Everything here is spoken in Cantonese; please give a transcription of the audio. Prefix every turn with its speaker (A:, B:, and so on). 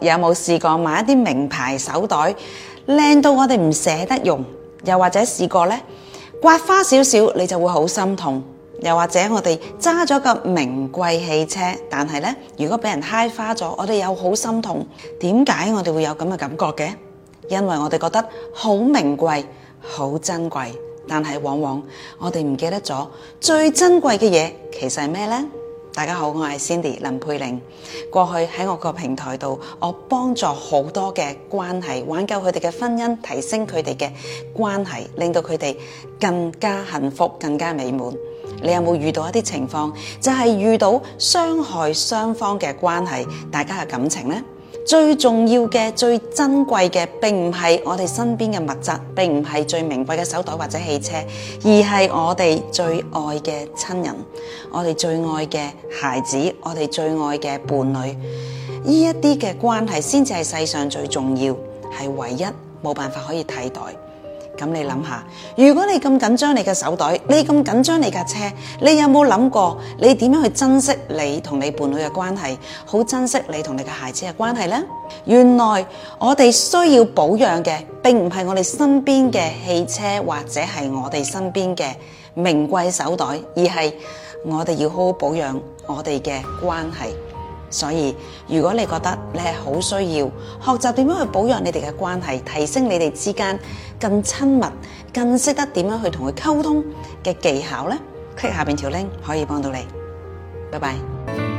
A: 有冇試過買一啲名牌手袋，靚到我哋唔捨得用？又或者試過呢？刮花少少，你就會好心痛？又或者我哋揸咗個名貴汽車，但係呢，如果俾人揩花咗，我哋又好心痛。點解我哋會有咁嘅感覺嘅？因為我哋覺得好名貴、好珍貴，但係往往我哋唔記得咗最珍貴嘅嘢，其實係咩呢？大家好，我係 Cindy 林佩玲。過去喺我個平台度，我幫助好多嘅關係，挽救佢哋嘅婚姻，提升佢哋嘅關係，令到佢哋更加幸福、更加美滿。你有冇有遇到一啲情況，就係、是、遇到傷害雙方嘅關係，大家嘅感情呢？最重要嘅、最珍貴嘅，並唔係我哋身邊嘅物質，並唔係最名貴嘅手袋或者汽車，而係我哋最愛嘅親人，我哋最愛嘅孩子，我哋最愛嘅伴侶，呢一啲嘅關係先至係世上最重要，係唯一冇辦法可以替代。咁你諗下，如果你咁緊張你嘅手袋，你咁緊張你架車，你有冇諗過你點樣去珍惜你同你伴侶嘅關係，好珍惜你同你嘅孩子嘅關係呢？原來我哋需要保養嘅，並唔係我哋身邊嘅汽車或者係我哋身邊嘅名貴手袋，而係我哋要好好保養我哋嘅關係。所以，如果你覺得你係好需要學習點樣去保養你哋嘅關係，提升你哋之間更親密、更識得點樣去同佢溝通嘅技巧呢，click 下邊條 link 可以幫到你。拜拜。